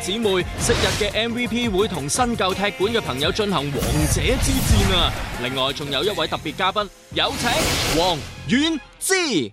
姊妹，昔日嘅 MVP 會同新舊踢館嘅朋友進行王者之戰啊！另外，仲有一位特別嘉賓，有請王菀之。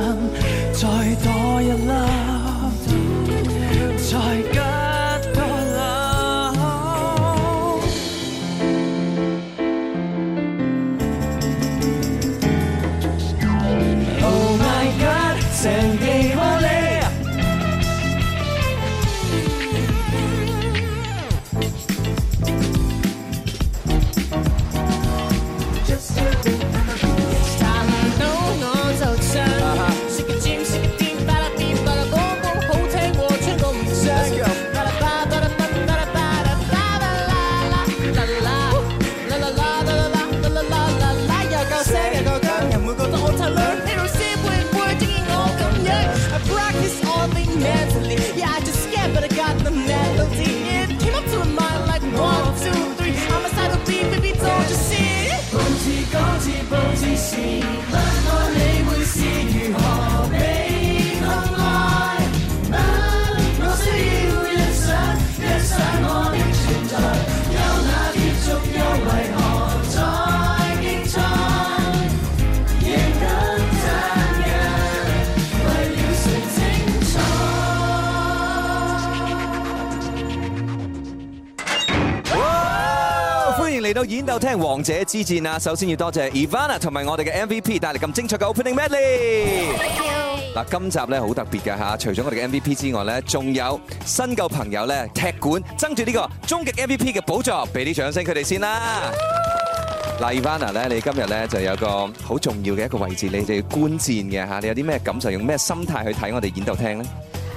嚟到演鬥聽王者之戰啊！首先要多謝 Ivana 同埋我哋嘅 MVP 帶嚟咁精彩嘅 Opening Medley。嗱，今集咧好特別㗎。吓，除咗我哋嘅 MVP 之外咧，仲有新舊朋友咧踢館，爭住呢個終極 MVP 嘅寶座，俾啲掌聲佢哋先啦。嗱，Ivana 咧，你今日咧就有個好重要嘅一個位置，你哋觀戰嘅吓，你有啲咩感受？用咩心態去睇我哋演鬥聽咧？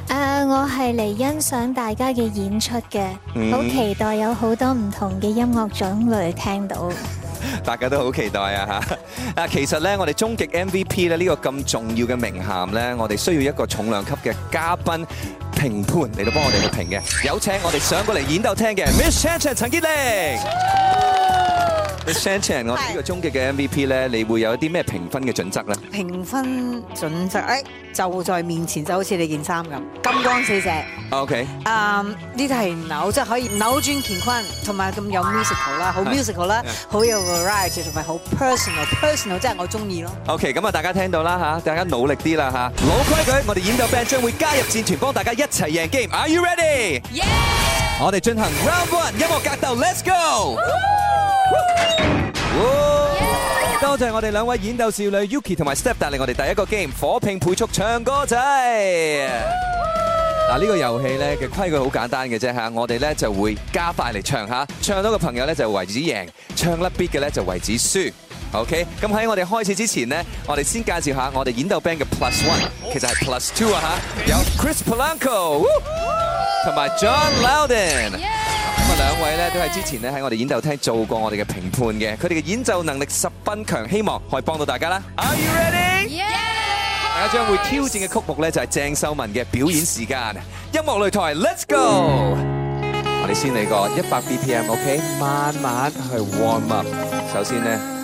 誒、uh，我係嚟欣賞大家嘅演出嘅，好、mm -hmm. 期待有好多唔同嘅音樂種類聽到。 大家都好期待啊吓！啊，其實咧，我哋終極 MVP 咧，呢個咁重要嘅名銜咧，我哋需要一個重量級嘅嘉賓評判嚟到幫我哋去評嘅，有請我哋上過嚟演鬥聽嘅 Miss Chan Chan 陳潔靈。 c h 我呢個終極嘅 MVP 咧，你會有一啲咩評分嘅準則咧？評分準則，誒、哎、就在面前，就好似你件衫咁，金光四射。OK。誒，呢啲係扭，即係可以扭轉乾坤，同埋咁有 musical 啦，好 musical 啦，好有 variety 同埋好 personal，personal 即係我中意咯。OK，咁啊，大家聽到啦，大家努力啲啦嚇。老規矩，我哋演奏 band 將會加入戰團，幫大家一齊贏 game。Are you ready？、Yeah. 我哋進行 round one 音樂格鬥，Let's go！Woo! Woo!、Yeah! 多謝我哋兩位演鬥少女 Yuki 同埋 Step 帶嚟我哋第一個 game 火拼配速唱歌仔。嗱、啊這個、呢個遊戲咧嘅規矩好簡單嘅啫吓，我哋咧就會加快嚟唱吓，唱到嘅朋友咧就為止贏，唱甩 beat 嘅咧就為止輸。OK，咁喺我哋開始之前呢，我哋先介紹下我哋演奏 band 嘅 Plus One，其實係 Plus Two 啊吓，有 Chris Palanco 同 埋 John Loudon，咁、yeah. 啊兩位呢都係之前呢喺我哋演奏廳做過我哋嘅評判嘅，佢哋嘅演奏能力十分強，希望可以幫到大家啦。Are you ready？、Yeah. 大家將會挑戰嘅曲目呢，就係、是、鄭秀文嘅表演時間，音樂擂台 Let's go，、Ooh. 我哋先嚟個一百 BPM，OK，慢慢去 warm up，首先呢。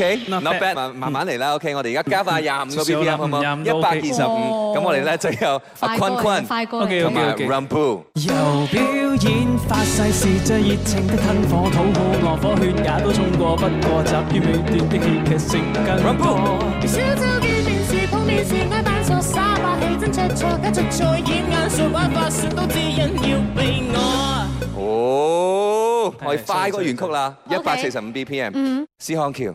O K，not bad，慢慢嚟啦。O K，我哋而家加快廿五個 B P M，好冇？一百二十五，咁我哋咧就有阿坤坤同埋 Rampu。由表演發誓是最熱情的噴火討好，我火血也都衝過，不過集於尾段的戲劇性。Rampu，少走幾遍是碰面時，捱扮傻沙發戲真出錯，一出錯掩眼説辦法，全都只因要被我。哦，我哋快過原曲啦，一百四十五 B P M。嗯，施匡翹。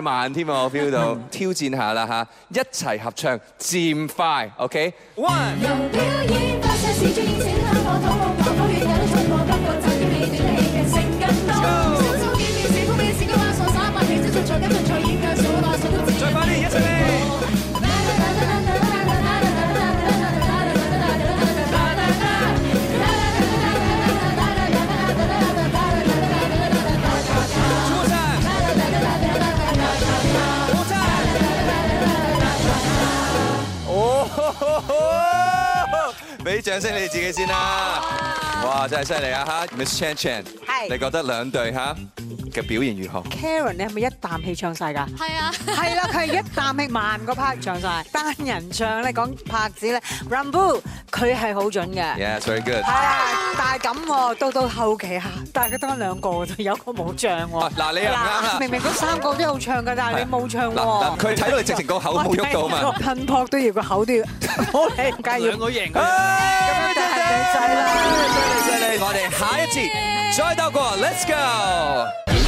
慢添啊！我 feel 到，挑戰下啦吓，一齊合唱漸快，OK？One。好俾掌聲你自己先啦！哇，真係犀利啊，吓，Miss Chan Chan，你覺得兩對吓嘅表現如何？Karen，你係咪一啖氣唱曬㗎？係啊，係啦，佢係一啖氣萬個拍唱曬，單人唱咧講拍子咧，Rambo，佢係好準嘅。Yeah, very good。係啊，但係咁喎，到到後期嚇，大家得兩個喎，有一個冇唱喎。嗱，你又啱啦。明明嗰三個都有唱嘅，但係你冇唱喎。佢睇到你直情個口冇喐到嘛？噴樖都要個口都要，好，你唔介意。兩個贏㗎。咁啊，真係靚仔啦！嚟嚟嚟嚟，我哋 high 一啲，joy 到個，let's go。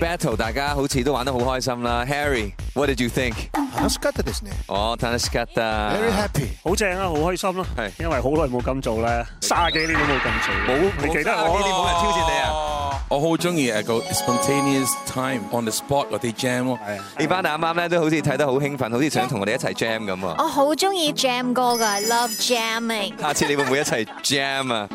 Battle，大家好似都玩得好開心啦。Harry，What did you think？哦 Taneskatta，very happy，好正啊，好、啊啊哦啊啊、開心咯、啊。係，因為好耐冇咁做啦，卅幾年都冇咁做，冇，你記得我呢啲冇人挑戰你啊。哦。我好中意誒個 spontaneous time on the spot 嗰啲 jam 喎。阿爸阿媽咧都好似睇得好興奮，好似想同我哋一齊 jam 咁。我好中意 jam 歌㗎，love jamming。下次你會唔會一齊 jam 啊？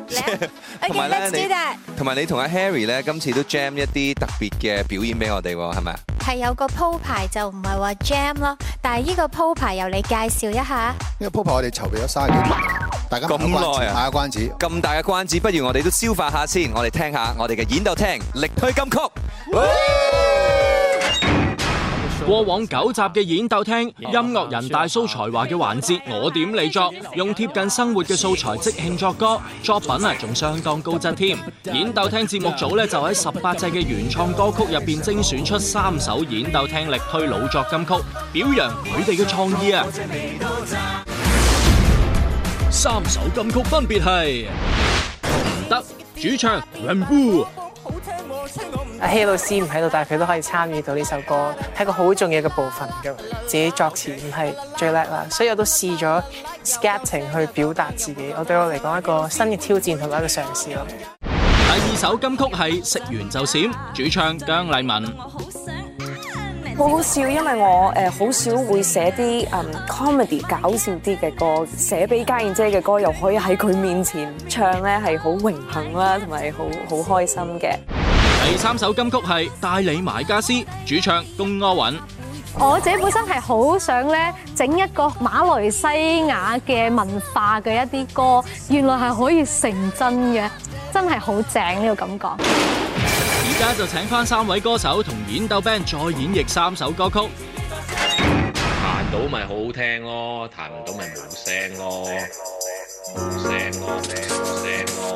同埋咧，同埋你同阿 Harry 咧今次都 jam 一啲特別嘅表演俾我哋喎，係咪啊？係有個鋪排就唔係話 jam 咯，但係呢個鋪排由你介紹一下。呢個鋪排我哋籌備咗卅幾年，大家咁耐啊，大嘅關子。咁大嘅關子，不如我哋都消化下先，我哋聽下我哋嘅演奏。力推金曲，過往九集嘅演鬥聽音樂人大晒才華嘅環節，我點嚟作用貼近生活嘅素材即興作歌，作品啊仲相當高質添。演鬥聽節目組呢就喺十八隻嘅原創歌曲入邊精選出三首演鬥聽力推老作金曲，表揚佢哋嘅創意啊！三首金曲分別係洪德主唱 Rainbow。阿希老師唔喺度，但係佢都可以參與到呢首歌，係個好重要嘅部分噶。自己作詞唔係最叻啦，所以我都試咗 scatting 去表達自己。我對我嚟講一個新嘅挑戰同埋一個嘗試咯。第二首金曲係《食完就閃》，主唱姜麗文。我好好笑，因為我誒好、呃、少會寫啲誒 comedy 搞笑啲嘅歌，寫俾家燕姐嘅歌又可以喺佢面前唱咧，係好榮幸啦，同埋好好開心嘅。第三首金曲係《帶你買家私》，主唱龔柯允。我自己本身係好想咧，整一個馬來西亞嘅文化嘅一啲歌，原來係可以成真嘅，真係好正呢個感覺。而家就請翻三位歌手同演鬥 band 再演繹三首歌曲。彈到咪好好聽咯，彈唔到咪冇聲咯。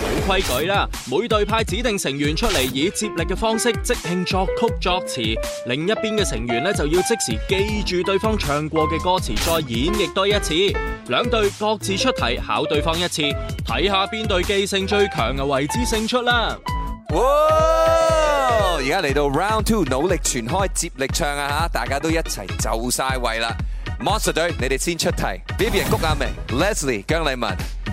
規矩啦，每隊派指定成員出嚟以接力嘅方式即興作曲作詞，另一邊嘅成員咧就要即時記住對方唱過嘅歌詞，再演繹多一次。兩隊各自出題考對方一次，睇下邊隊記性最強啊，為之勝出啦！哇！而家嚟到 round two，腦力全開接力唱啊吓，大家都一齊就晒位啦！Monster 隊，你哋先出題，B B 谷亞明、Leslie 姜麗文。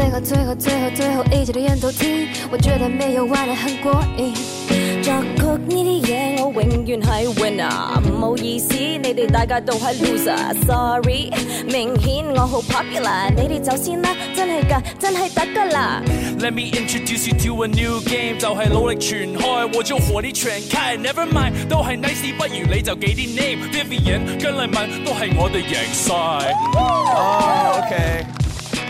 最後，最後，最後，最後，一切都人都停。我覺得沒有玩得很過癮。作曲呢啲嘢，我永遠係 winner，唔好意思。你哋大家都係 loser，sorry、mm.。明顯我好 popular，你哋走先啦，真係噶，真係得噶啦。Let me introduce you to a new game，就係腦力全開，我就和你全開。Never mind，都係 nice，不如你就記啲 name，面影跟姜麗文都係我哋贏晒。Oh, OK。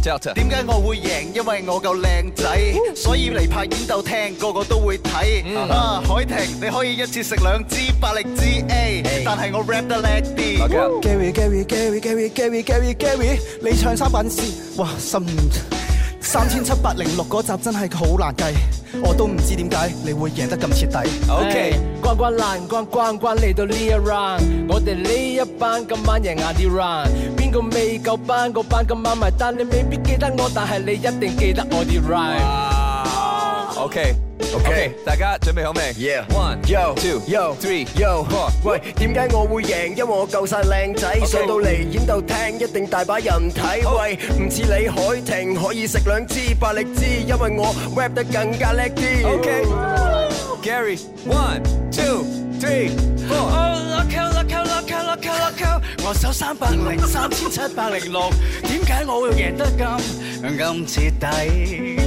點解我會贏？因為我夠靚仔，所以嚟拍演鬥聽，個個都會睇。Mm -hmm. 啊，海婷，你可以一次食兩支百力滋 A，但係我 rap 得叻啲，okay. Gary Gary Gary Gary Gary Gary Gary，你唱三品詩，哇心。三千七百零六嗰集真係好難計，我都唔知點解你會贏得咁徹底。OK，關關難關關關嚟到呢一 round，我哋呢一班今晚贏下啲 round，邊個未夠班個班今晚埋單，你未必記得我，但係你一定記得我啲 round。OK。OK，大家準備好未？One，Yo，Two，Yo，Three，Yo，Four。喂，點解我會贏？因為我夠晒靚仔，上到嚟演鬥聽，一定大把人睇。喂，唔似李海廷可以食兩支百力滋，因為我 rap 得更加叻啲。Gary，One，Two，Three，Four。我手三百零三千七百零六，點解我會贏得咁咁徹底？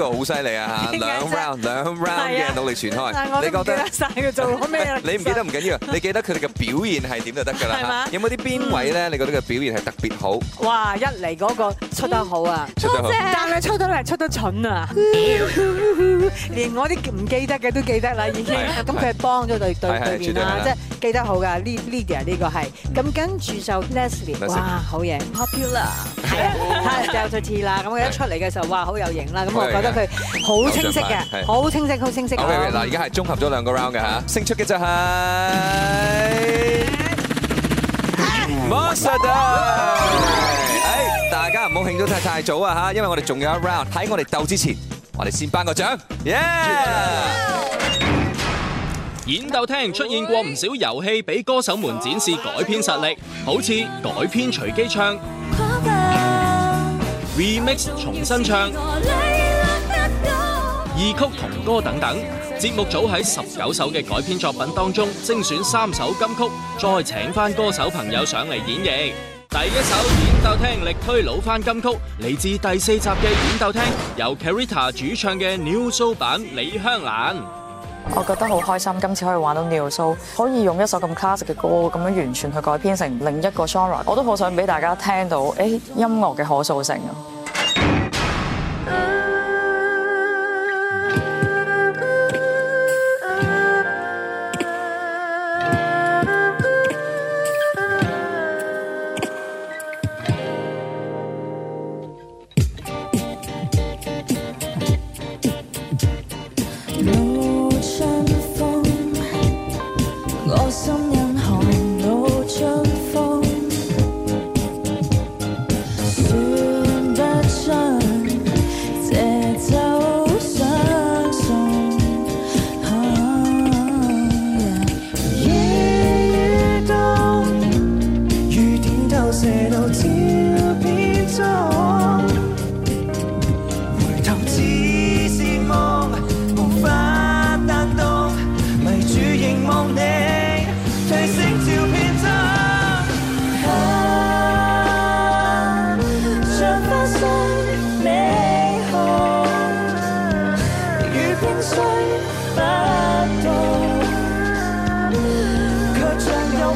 呢個好犀利啊嚇，兩 round 兩 round 嘅腦力全開是、啊，你覺得晒佢做咩你唔記得唔緊要， 你記得佢哋嘅表現係點就得㗎啦嚇。有冇啲邊位咧、嗯？你覺得佢表現係特別好？哇！一嚟嗰個出得好啊、嗯，出得好，謝謝但係出得嚟出得蠢啊、嗯，連我啲唔記得嘅都記得啦已經。咁佢係幫咗對對對面啦，即係記得好㗎。Lydia 呢個係，咁跟住就 Leslie，哇好嘢 Popular 係啊，Delta T 啦。咁一出嚟嘅時候，哇好有型啦，咁我覺得。佢好清晰嘅，好清晰，好清晰。嗱，而家係綜合咗兩個 round 嘅，嚇，勝出嘅就係 Monster Day。誒，大家唔好慶祝太太早啊嚇，因為我哋仲有一 round。喺我哋鬥之前，我哋先頒個獎。演鬥聽出現過唔少遊戲，俾歌手們展示改編實力，好似改編隨機唱、Remix 重新唱。二曲同歌等等，節目組喺十九首嘅改編作品當中精選三首金曲，再請返歌手朋友上嚟演繹。第一首演鬥聽力推腦翻金曲，嚟自第四集嘅演鬥聽，由 Carita 主唱嘅 New Soul 版《李香蘭》。我覺得好開心，今次可以玩到 New Soul，可以用一首咁 classic 嘅歌咁樣完全去改編成另一個 Genre。我都好想俾大家聽到，誒，音樂嘅可塑性啊！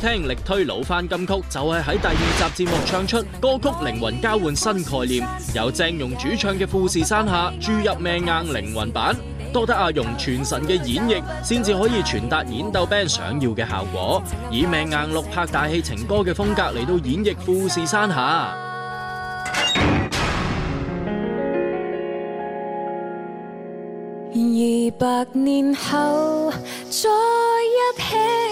聽力推老翻金曲，就係、是、喺第二集節目唱出歌曲靈魂交換新概念，由鄭融主唱嘅《富士山下》注入命硬靈魂版，多得阿融全神嘅演繹，先至可以傳達演鬥 band 想要嘅效果，以命硬六拍大戲情歌嘅風格嚟到演繹《富士山下》。二百年後再一起。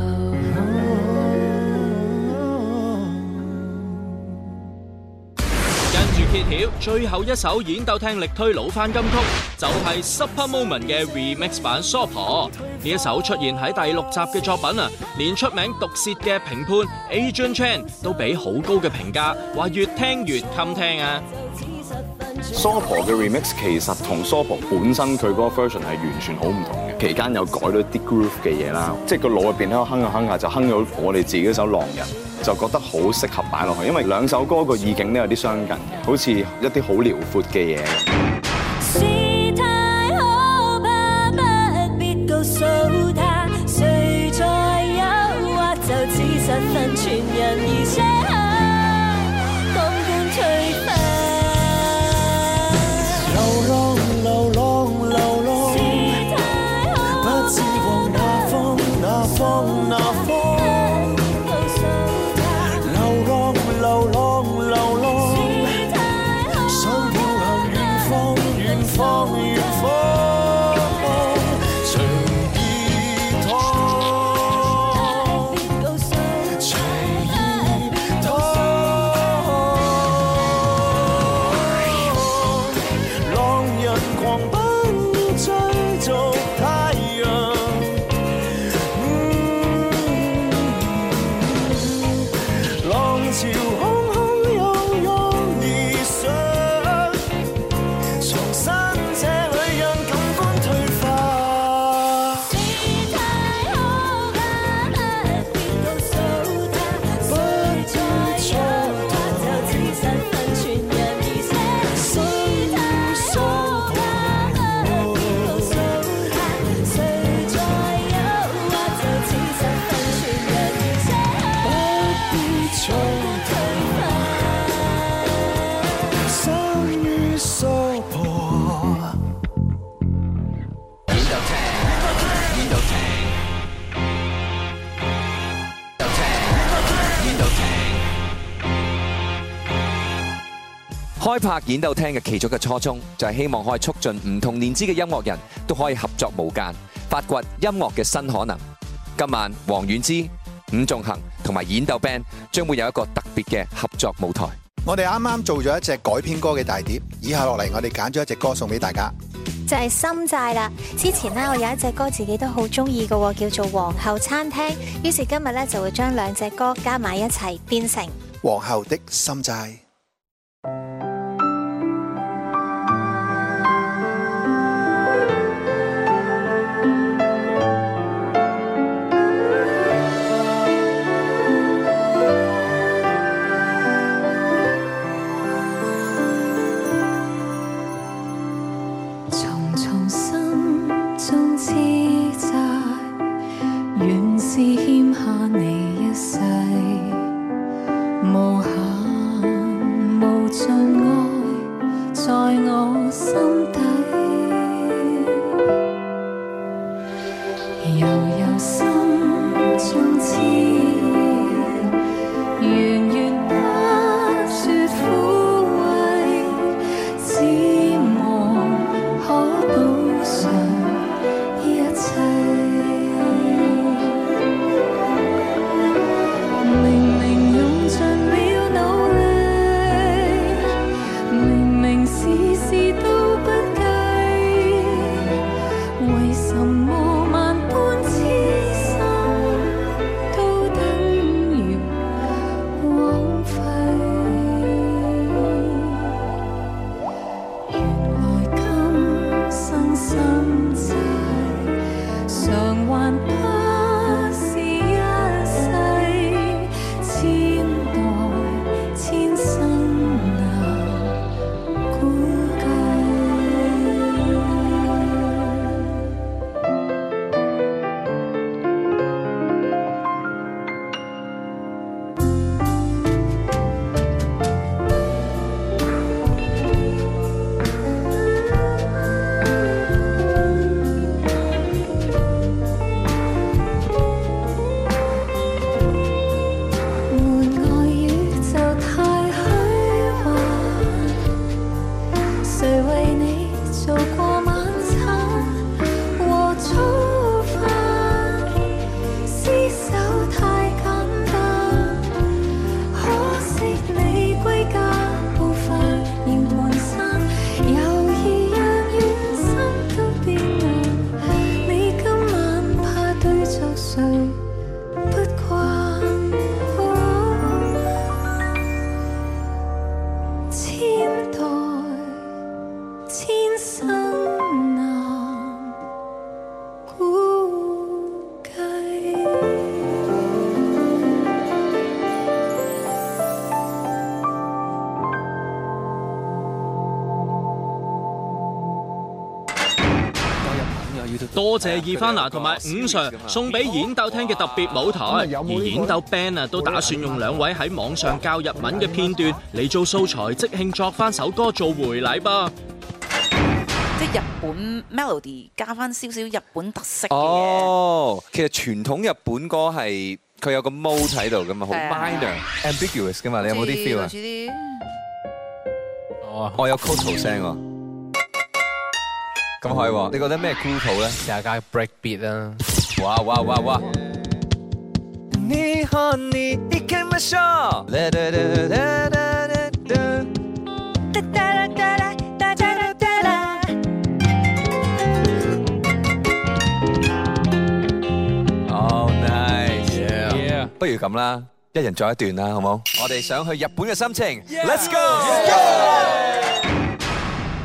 揭曉最後一首演鬥聽力推腦翻金曲，就係 Supper Moment 嘅 Remix 版《疏婆》，呢一首出現喺第六集嘅作品啊，連出名毒舌嘅評判 Agent Chan 都俾好高嘅評價，話越聽越襟聽啊！Supper 嘅 remix 其實同 Supper 本身佢嗰個 version 係完全好唔同嘅，期間又改咗啲 groove 嘅嘢啦，即係個腦入邊喺度哼下哼下就哼咗我哋自己一首《狼人》，就覺得好適合擺落去，因為兩首歌個意境都有啲相近嘅， 好似一啲好遼闊嘅嘢。事不必告訴他，誰在就身人而拍演鬥聽嘅其中嘅初衷，就係希望可以促進唔同年資嘅音樂人都可以合作無間，發掘音樂嘅新可能。今晚王菀之、伍仲衡同埋演鬥 band 將會有一個特別嘅合作舞台。我哋啱啱做咗一隻改編歌嘅大碟，以下落嚟我哋揀咗一隻歌送俾大家，就係《心債》啦。之前呢，我有一隻歌自己都好中意嘅，叫做《皇后餐廳》，於是今日呢，就會將兩隻歌加埋一齊，變成《皇后的心債》。多謝伊芬娜同埋伍 Sir 送俾演鬥聽嘅特別舞台，而演鬥 band 啊都打算用兩位喺網上教日文嘅片段嚟做素材，即興作翻首歌做回禮噃。即日本 melody 加翻少少日本特色。哦，其實傳統日本歌係佢有個 mode 喺度噶嘛，好 minor ambiguous 噶嘛，你有冇啲 feel 啊？我有 cultural 聲啊！咁可以，你覺得咩 group 咧？大家 breakbeat 啦，哇哇哇哇！你和你一起玩耍。Oh nice，不如咁啦，一人做一段啦，好冇？我哋想去日本嘅心情，Let's go，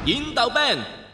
演鬥 band。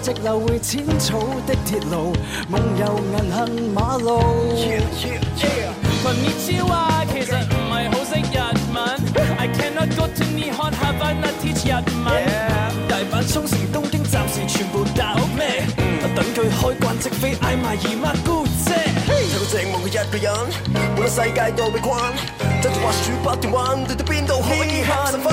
直流回淺草的鐵路，夢遊銀杏馬路。群面照啊，okay. 其實唔係好識日文。Yeah. I cannot go to Nihon, have teach 日文。大坂沖繩東京暫時全部打咩？Mm. 等佢開慣直飛，嗌埋姨媽姑姐。太過寂寞嘅一個人，無論世界多閉關，揸住滑雪板斷彎，都都變到海嘰蝦。三分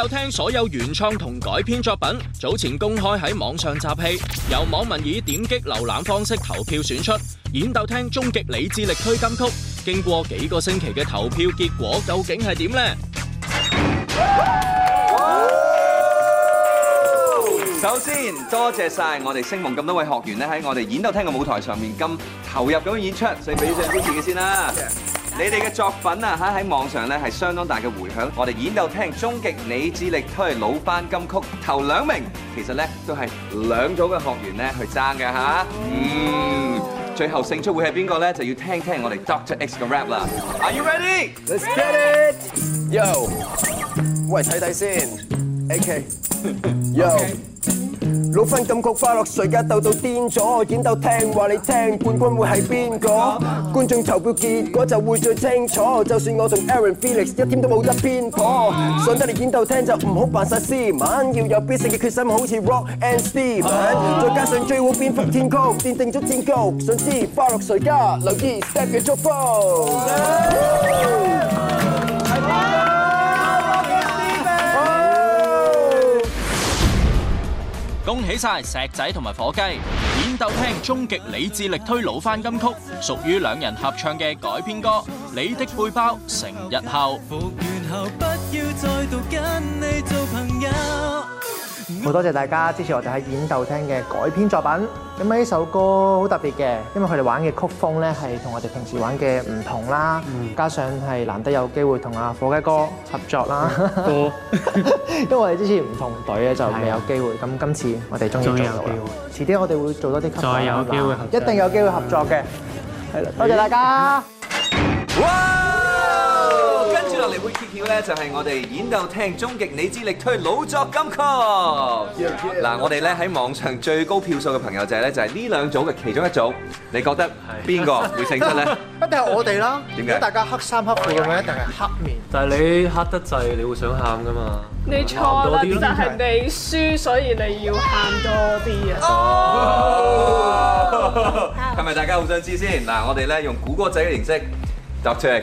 演鬥聽所有原創同改編作品，早前公開喺網上集氣，由網民以點擊瀏覽方式投票選出演鬥聽終極理智力推金曲。經過幾個星期嘅投票，結果究竟係點呢？首先，多謝晒我哋聲夢咁多位學員呢，喺我哋演鬥聽嘅舞台上面咁投入咁演出，所以俾張主持嘅先啦。你哋嘅作品啊嚇喺網上咧係相當大嘅迴響，我哋演鬥聽終極你之力推老班金曲頭兩名，其實咧都係兩組嘅學員咧去爭嘅嚇嗯，最後勝出會係邊個咧？就要聽聽我哋 Doctor X 嘅 rap 啦。Are you ready? Let's get it! Yo，喂，睇睇先。AK。Yo、okay。老翻感覺花落誰家鬥到癲咗，演鬥聽話你聽判官會係邊個？觀眾投票結果就會最清楚，就算我同 Aaron Felix 一點都冇得偏頗。想得嚟演鬥聽就唔好扮曬斯文，要有必勝嘅決心，好似 Rock and Steve 再加上追火蝙蝠天高，奠定咗戰局，想知花落誰家？留意 Step 嘅祝福。Uh -huh. 恭喜曬石仔同埋火雞，演鬥聽終極理智力推腦翻金曲，屬於兩人合唱嘅改編歌《你的背包》成日後。好多謝大家支持我哋喺演鬥聽嘅改編作品。咁啊呢首歌好特別嘅，因為佢哋玩嘅曲風咧係同我哋平時玩嘅唔同啦。加上係難得有機會同阿火雞哥合作啦。因為我哋之前唔同隊咧就未有機會。咁今次我哋終於有機會。遲啲我哋會做多啲合作啦。一定有機會合作嘅。係啦，多謝大家。咧就係我哋演鬥聽終極你之力推腦翻金曲。嗱，我哋咧喺網上最高票數嘅朋友就係咧就係呢兩組嘅其中一組，你覺得邊個會勝出咧？一定係我哋啦。點解？大家黑衫黑褲咁樣一定係黑面。但係你黑得滯，你會想喊噶嘛？你錯啦，其實係你輸，所以你要喊多啲啊！係咪大家好想知先？嗱，我哋咧用古歌仔嘅形式答題。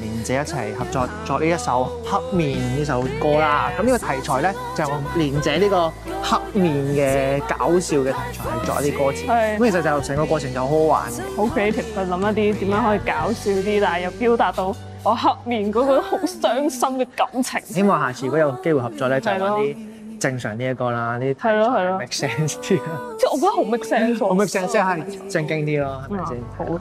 一齊合作作呢一首《黑面》呢首歌啦，咁呢個題材咧就連借呢個《黑面》嘅搞笑嘅題材嚟作一啲歌詞，咁其實就成個過程就好好玩嘅。好 creative，諗一啲點樣可以搞笑啲，但係又表達到我黑面嗰個好傷心嘅感情。希望下次如果有機會合作咧，就揾啲正常啲嘅歌啦，啲 make sense 啲啊，即係我覺得好 make sense，好 make sense 即係正經啲咯，係咪先？好。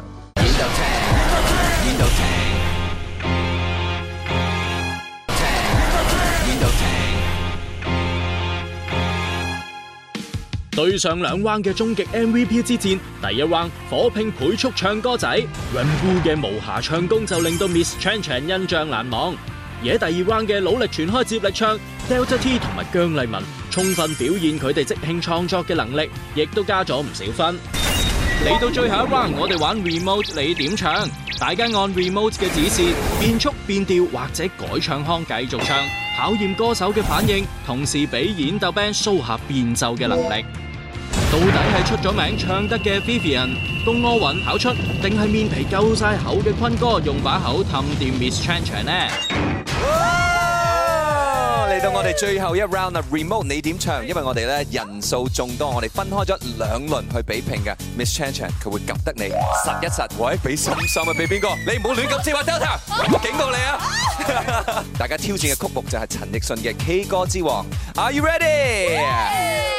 最上兩 round 嘅終極 MVP 之戰，第一 round 火拼倍速唱歌仔，雲姑嘅無瑕唱功就令到 Miss Chan Chan 印象難忘。而喺第二 round 嘅腦力全開接力唱，Delta T 同埋姜麗文充分表現佢哋即興創作嘅能力，亦都加咗唔少分。嚟、嗯、到最後一 round，我哋玩 remote，你點唱？大家按 remote 嘅指示變速變調或者改唱腔繼續唱，考驗歌手嘅反應，同時俾演奏 band show 下變奏嘅能力。嗯到底係出咗名唱得嘅 Vivian 到阿雲跑出，定係面皮夠晒厚嘅坤哥用把口氹掂 Miss Chan Chan 呢？嚟到我哋最後一 round 啦，Remote 你點唱？因為我哋咧人數眾多，我哋分開咗兩輪去比拼嘅 Miss Chan Chan，佢會及得你實一實。喂，畀心心？畀邊個？你唔好亂及字啊！Delta，我警告你啊！大家挑戰嘅曲目就係陳奕迅嘅《K 歌之王》，Are you ready？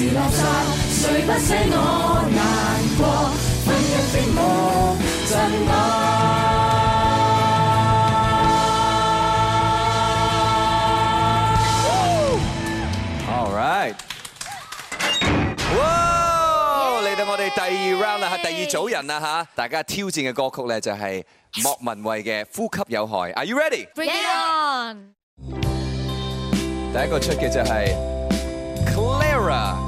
不我 All right，哇！嚟到我哋第二 round 啦，係第二組人啦，吓，大家挑戰嘅歌曲呢，就係莫文蔚嘅《呼吸有害》。Are you ready？Bring it on！第一個出嘅就係 Clara。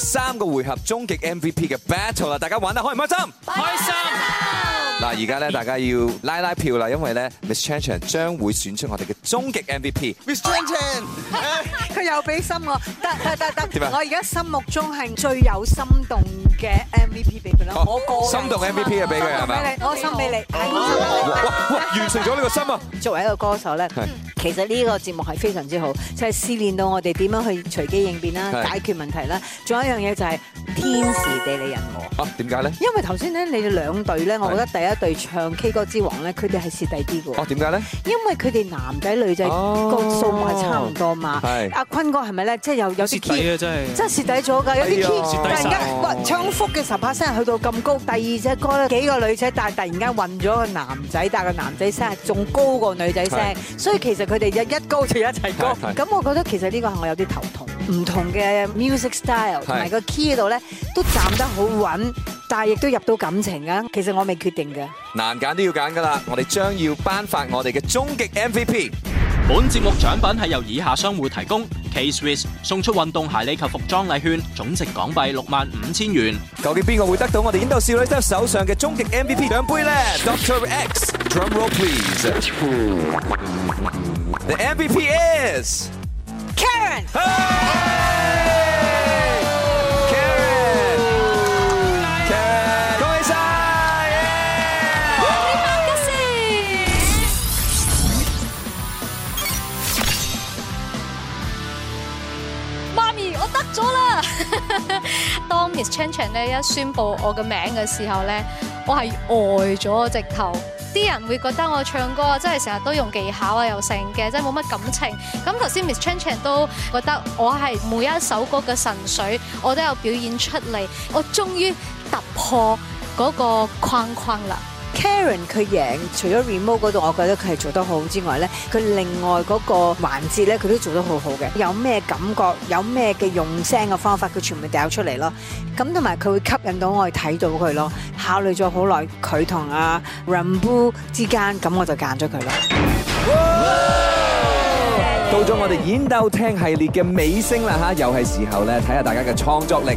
三個回合終極 MVP 嘅 battle 啦，大家玩得開唔開心？開心啊！嗱，而家咧大家要拉拉票啦，因為咧，Miss Chan Chan 將會選出我哋嘅終極 MVP。Miss Chan Chan，佢又俾心我，得得得得，我而家心目中係最有心動嘅 MVP 俾佢啦。我個人心動 MVP 係俾佢係咪？我心俾你，哇哇，完成咗呢個心啊！作為一個歌手咧，其實呢個節目係非常之好，就係試煉到我哋點樣去隨機應變啦，解決問題啦。仲有一樣嘢就係天時地利人和。嚇，點解咧？因為頭先咧，你哋兩隊咧，我覺得第一。一對唱 K 歌之王咧，佢哋係蝕底啲嘅喎。哦，點解咧？因為佢哋男仔女仔個數目差唔多嘛。係、哦。阿坤哥係咪咧？即、就、係、是、有有啲 key 蝕底嘅真係。即係蝕底咗㗎，有啲 key 突然間，雲唱福嘅十八聲去到咁高，第二隻歌咧幾個女仔，但係突然間混咗個男仔，但係男仔聲仲高過女仔聲，所以其實佢哋一一高就一齊高。咁我覺得其實呢個係我有啲頭痛。唔同嘅 music style 同埋個 key 度咧都站得好穩。但係亦都入到感情啊！其實我未決定嘅，難揀都要揀噶啦！我哋將要頒發我哋嘅終極 MVP。本節目獎品係由以下商戶提供：K-Swiss 送出運動鞋履及服裝禮券，總值港幣六萬五千元。究竟邊個會得到我哋《演鬥少女》手手上嘅終極 MVP 獎杯咧？Doctor X，Drumroll please！The MVP is Karen。Miss Chan Chan 咧一宣布我嘅名嘅時候咧，我係呆咗直頭。啲人會覺得我唱歌真係成日都用技巧啊又成嘅，真係冇乜感情。咁頭先 Miss Chan Chan 都覺得我係每一首歌嘅神髓，我都有表演出嚟，我終於突破嗰個框框啦。Karen 佢贏了，除咗 remote 嗰度，我覺得佢係做得好之外咧，佢另外嗰個環節咧，佢都做得好好嘅。有咩感覺，有咩嘅用聲嘅方法，佢全部掉出嚟咯。咁同埋佢會吸引到我哋睇到佢咯。考慮咗好耐，佢同阿 Rambo 之間，咁我就揀咗佢咯。到咗我哋演鬥聽系列嘅尾聲啦嚇，又係時候咧睇下大家嘅創作力。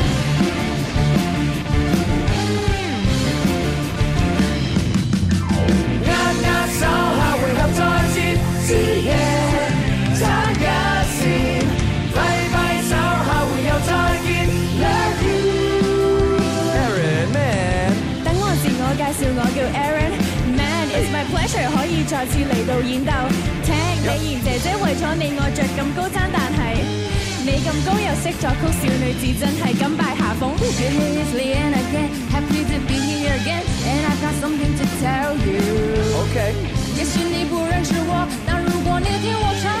誰可以再次嚟到演鬥聽？請李賢姐姐為咗你我着咁高踭，但係你咁高又識作曲，小女子真係甘拜下風。Okay.Okay. Okay. Okay.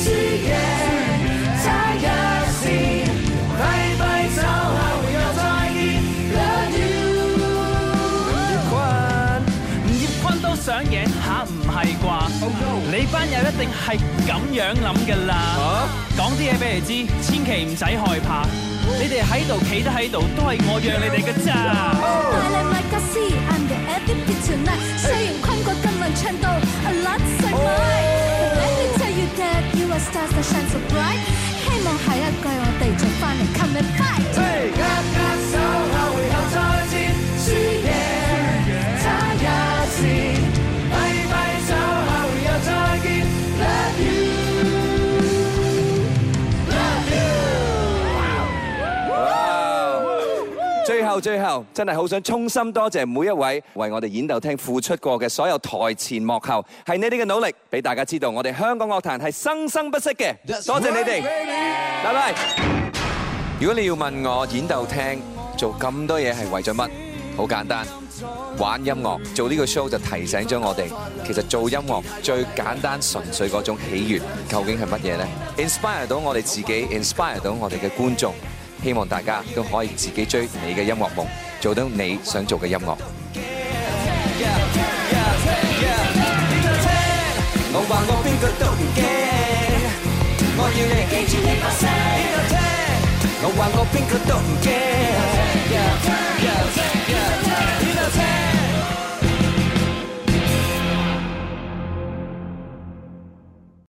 係咁樣諗㗎啦，講啲嘢俾你知，千祈唔使害怕，你哋喺度。你哋喺度企得喺度，都係我讓你哋㗎咋。希望下一季我哋仲返嚟。最後真係好想衷心多謝每一位為我哋演鬥聽付出過嘅所有台前幕後，係你哋嘅努力俾大家知道，我哋香港樂壇係生生不息嘅。多謝你哋，拜拜。如果你要問我演鬥聽做咁多嘢係為咗乜，好簡單，玩音樂做呢個 show 就提醒咗我哋，其實做音樂最簡單純粹嗰種喜悅究竟係乜嘢呢？inspire 到我哋自己，inspire 到我哋嘅觀眾。希望大家都可以自己追你嘅音樂夢，做到你想做嘅音樂。